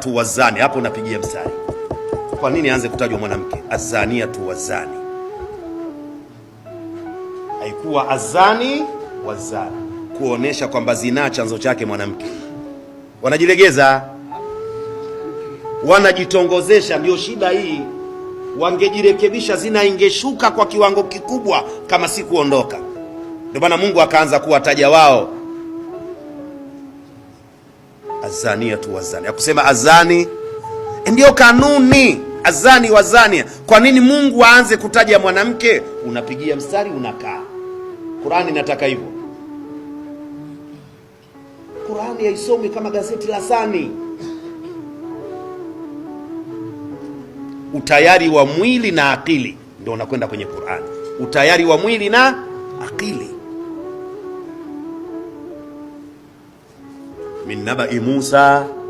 tu wazani, hapo unapigia mstari. Kwa nini aanze kutajwa mwanamke? tu wazani, haikuwa azani wazani, kuonesha kwamba zinaa chanzo chake mwanamke. Wanajilegeza, wanajitongozesha. Ndio shida hii. Wangejirekebisha, zina ingeshuka kwa kiwango kikubwa, kama si kuondoka. Ndio maana Mungu akaanza kuwataja wao tu wazania akusema azani e, ndiyo kanuni azani wazania. Kwa nini Mungu aanze kutaja mwanamke? Unapigia mstari unakaa. Qurani inataka hivyo. Qurani haisomi kama gazeti la sani. Utayari wa mwili na akili ndio unakwenda kwenye Qurani, utayari wa mwili na akili. من نبأ موسى